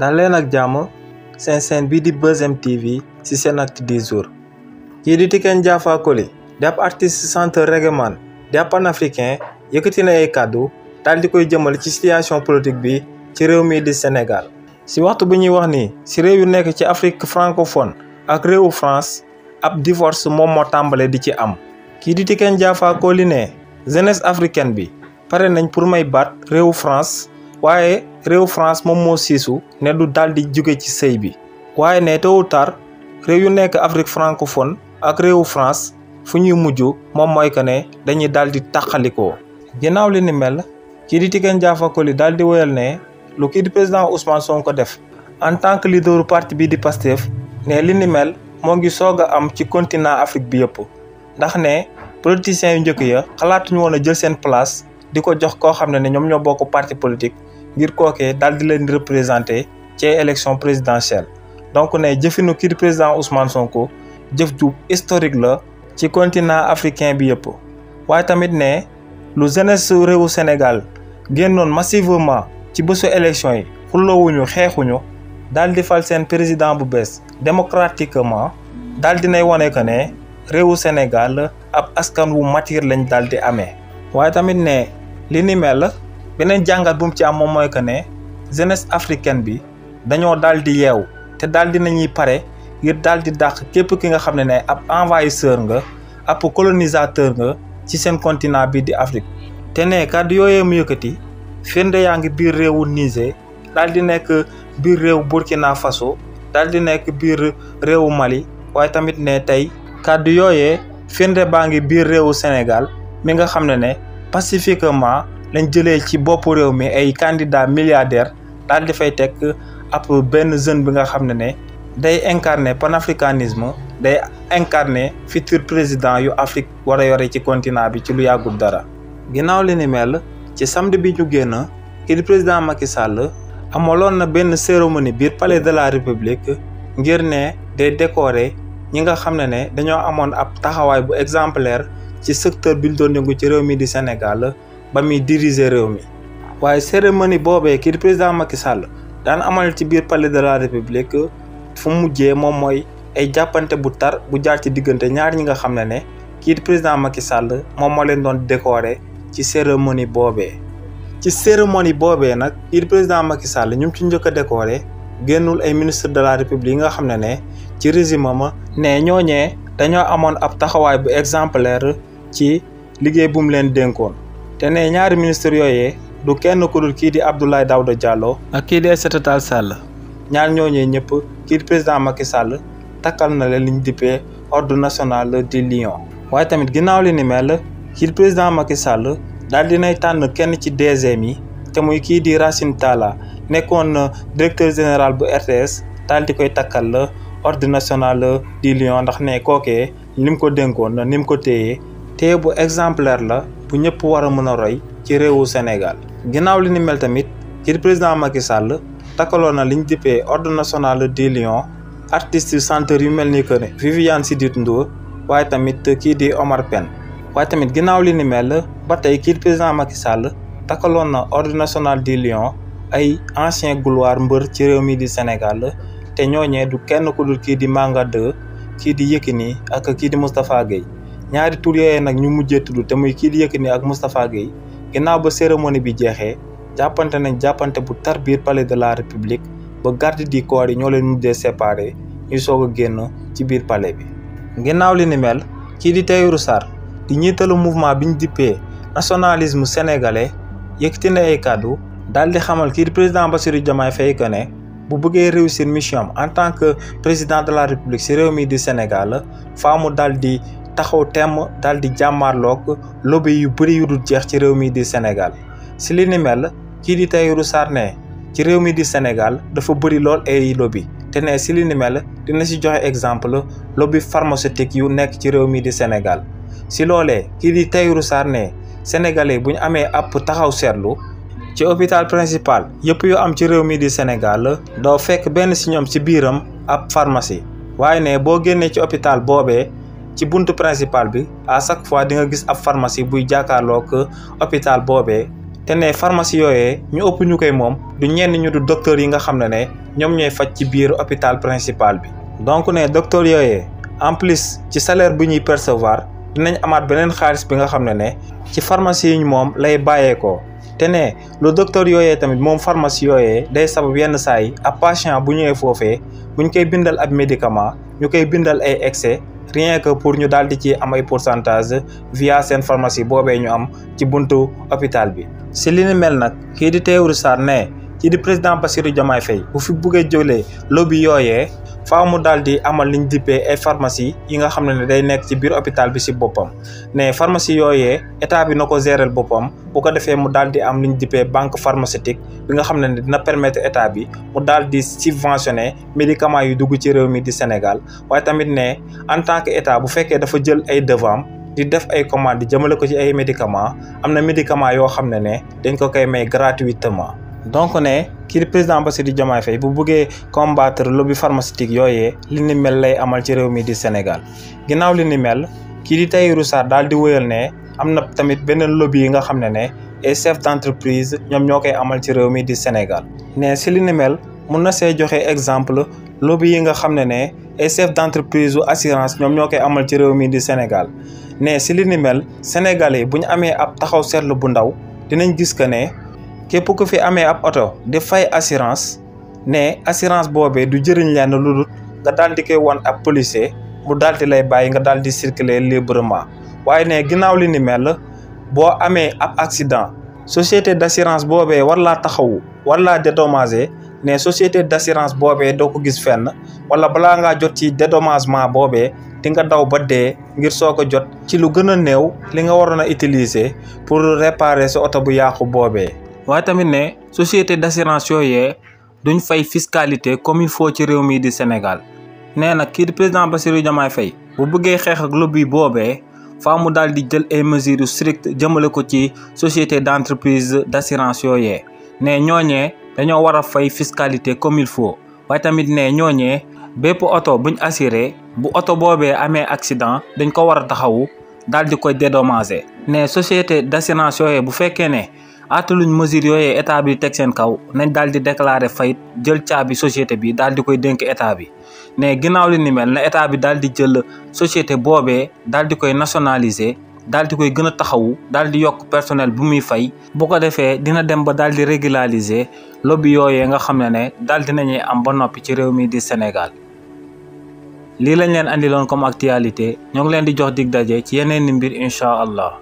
dal leen ak jàmm seen seen bii di Buzz M TV ci SENactu 10 jours kii di Tiken Jaffa Colley di ab artiste chanteur reggae man di ab panafricain yëkkati na ay kàddu daal di koy jëmale ci situation politique bi ci réew mii di Sénégal ci waxtu bi ñuy wax ni ci réew yu nekk ci Afrique francophone ak réewu France ab divorce moom moo tàmbale di ci am kii di Tiken Jaffa Colley ne jeunesse africaine bi pare nañ pour may baat réewu France waaye réew France moom moo siisu ne du daal di jóge ci sëy bi waaye ne tôt ou tard réew yu nekk Afrique francophone ak réewu France fu ñuy mujj moom mooy que ne dañuy daal di tàqalikoo ginnaaw li ni mel kii di Tiken Jaffa Coly daal di woyal ne lu kii di président Ousmane ko def en tant que leaderu parti bii di Pastef ne li ni mel moo ngi soog a am ci continent Afrique bi yëpp ndax ne politiciens yu njëkk ya xalaatuñu woon a jël seen place di ko jox koo xam ne ne ñoom ñoo bokk parti politique ngir kookee dal di leen représenté ci élection présidentielle donc ne jëfinu kii président Ousmane Sonko jëf ju historique la ci continent africain bi yëpp waaye tamit ne lu jeunesse réewu Sénégal génnoon massivement ci bésu élection yi xulloowuñu xeexuñu dal di fal seen président bu bees démocratiquement dal di nay wane que ne réewu Sénégal ab askan wu matir lañ dal di amee waaye tamit ne li ni mel beneen jàngat bu ci am moom mooy que ne jeunesse africain bi dañoo daal di yeew te daal di nañuy pare ngir daal di dàq képp ki nga xam ne ne ab envahisseur nga ab colonisateur nga ci seen continant bi di Afrique te ne kàddu yooyee mu yëkkati firnde yaa ngi biir réewu Niger daal di nekk biir réew Burkina Faso daal di nekk biir réewu Mali waaye tamit ne tey kàddu yooyee firnde baa ngi biir réewu Sénégal mi nga xam ne ne pacifiquement lañ jëlee ci bopp réew mi ay candidat milliardaire daal di fay teg ab benn jeune bi nga xam ne ne day incarner panafricanisme day incarner futur président yu Afrique war a yore ci continent bi ci lu yàggul dara. ginnaaw li ni mel ci samedi bi ñu génn kii di président Macky Sall amaloon na benn cérémonie biir palais de la république ngir ne day décorer ñi nga xam ne ne dañoo amoon ab taxawaay bu exemplaire ci secteur bi ñu doon ci réew mi di Sénégal. ba muy diriger réew mi waaye cérémonie boobee kii président Macky Sall daan amal ci biir palais de la république fu mujjee moom mooy ay jàppante bu tar bu jaar ci diggante ñaar ñi nga xam ne ne kii président Macky Sall moom moo leen doon décorer ci cérémonie boobee. ci cérémonie boobee nag kii président Macky Sall ñu ci njëkk a génnul ay ministre de la république yi nga xam ne ne ci régime ma ne ñooñee dañoo amoon ab taxawaay bu exemplaire ci liggéey bu leen dénkoon. te ne ñaari ministre yooye du kenn ku dul kii di Abdoulaye Daouda Diallo ak kii di Aïssata Tall Sall ñaar ñooñee ñëpp kii di président Macky Sall takkal na leen liñ dippee ordre national du lion waaye tamit ginnaaw li ni mel kii di président Macky Sall daal nay tànn kenn ci DGM yi te muy kii di Racine Talla nekkoon na directeur général bu RTS daal di koy takkal la ordre national du lion ndax ne kookee nim ko dénkoon ni mu ko téyee téye bu exemplaire la bu ñepp wara mëna roy ci réewu Sénégal ginaaw li ni mel tamit ci président Macky Sall takkaloo na liñ ordre national de Lyon, artiste chanteur yu melni ni que Viviane Sidit Ndour waye tamit ki di Omar Pen waye tamit ginaaw li ni mel ba tay ki président Macky Sall ordre national de Lyon, ay ancien gloire mbeur ci réew mi di Sénégal te ñoñé du kenn ku dul ki di Manga 2 ki di Yekini ak ki di Mustapha Gueye ñaari tur nag ñu mujjee tudd te muy kii di yëkk Yékini ak Moustapha Guèye ginnaaw ba cérémonie bi jeexee jàppante nañ jàppante bu tar biir palais de la république ba garde di corps yi ñoo leen mujjee séparé ñuy soog a génn ci biir pale bi. ginnaaw li ni mel kii di Tahirou Sarr di ñiitalu mouvement bi ñu dippee nationalisme sénégalais yëkkati na ay kàddu daal di xamal kii di président Bassirou Diomaye Faye que ne bu bëggee réussir mission en tant que président de la république si réew mi di Sénégal faamu daal di. taxaw temm daal di jàmmaarloog lobby yu bëri yu dul jeex ci réew mii di Sénégal si kii di Tahirou sarné ci réew mi di Sénégal dafa bëri lool ay lobby te ne si dina si joxe exemple lobby pharmaceutique yu nekk ci réew mii di Sénégal si loolee kii di Tahirou Sarr ne bu ñu amee ab taxaw seetlu ci hôpital principal yëpp yu am ci réew mii di Sénégal doo fekk benn si ñoom si biiram ab pharmacie waaye ne boo génnee ci hôpital boobee ci buntu principal bi à chaque fois di nga gis ab pharmacie buy jàkkaarloog euh, hôpital boobee te ne pharmacie yooyee ñu ëpp ñu koy moom du ñenn ñu du docteur yi nga xam ne ne ñoom ñooy faj ci biir hôpital principal bi. donc ne docteur yooye en plus ci salaire bu ñuy percevoir dinañ amaat beneen xaalis bi nga xam ne ne ci pharmacie yi moom lay bàyyeekoo. te ne lu docteur yooye tamit moom pharmacie yooye day sabab yenn saa yi ab patient bu ñëwee foofee buñ koy bindal ab médicament ñu koy bindal ay excès rien que pour ñu daal di ci am ay pourcentage via seen pharmacie boobee ñu am ci buntu hôpital bi. si li ni mel nag kii di Tahirou Sarr ne kii di président Bassirou Diomaye Faye bu fi buggee jëlee lobi yooye faaw mu daal di amal liñ dippee ay pharmacie yi nga xam ne ne day nekk ci biir hôpital bi si boppam ne pharmacie yooye état bi na ko gérer boppam bu ko defee mu daal di am liñ dippee banque pharmaceutique bi nga xam ne dina permettre état bi mu daal di subventionner médicament yu dugg ci réew mi di Sénégal waaye tamit ne en tant que état bu fekkee dafa jël ay devant di def ay commande jëmale ko ci ay médicament am na médicament yoo xam ne ne dañ ko koy may gratuitement donc ne kii président Bassirou Diomaye Faye bu bëggee combattre lobby pharmaceutique yooyee li mel lay amal ci réew mii di Sénégal ginaaw li mel kii di tey Sarr daal di woyal ne am na tamit beneen lobby yi nga xam ne ne et chef d'entreprise ñoom ñoo koy amal ci réew mi di Sénégal ne si li mun na see joxe exemple lobby yi nga xam ne ne et chef d'entreprise u assurance ñoom ñoo koy amal ci réew mii di Sénégal ne si li ni mel Sénégalais bu ñu amee ab taxaw seetlu bu ndaw dinañ gis que ne képp ku fi amee ab oto di fay assurance ne assurance boobee du jëriñ leen lu dul nga daal di koy won ab policier mu daldi lay bàyyi nga daal di circuler librement waaye ne ginnaaw li ni mel boo amee ab accident société d' assurance boobee war laa taxawu war laa dédommager ne société d' assurance boobee doo ko gis fenn wala balaa ngaa jot ci dédommagement boobee di nga daw ba dee ngir soo ko jot ci lu gën a néew li nga waroon a utiliser pour réparer sa oto bu yaaxu boobee. waa tamit ne société d'assurance yooyee duñ fay fiscalité comme il ci réew mii di Sénégal nee na kii di président Bassirou Diomaye Faye bu bëggee xeex ak lobby boobee faa mu daal di jël ay mesures strictes jëmale ko ci société d'entreprise d'assurance yooyee ne ñooñee dañoo war a fay fiscalité comme il faut waaye tamit ne ñooñee bépp oto buñ assuré bu oto boobee amee accident dañ ko war a taxawu dal di koy dédommager ne société d'assurance yooyee bu fekkee ne aataluñ mesure yooyee état bi teg seen kaw nañ daal di déclarer fayit jël caabi société bi daal di koy dénk état bi ne ginnaaw li ni mel na état bi daal di jël société boobee daal di koy nationaliser daal di koy gën a taxawu daal di yokk personnel bu muy fay bu ko defee dina dem ba daal di régulariser lobby yooyee nga xam ne ne daal nañuy am ba noppi ci réew mi di Sénégal lii lañ leen andiloon comme actualité ñoo ngi leen di jox dig daje ci yeneen ni mbir incha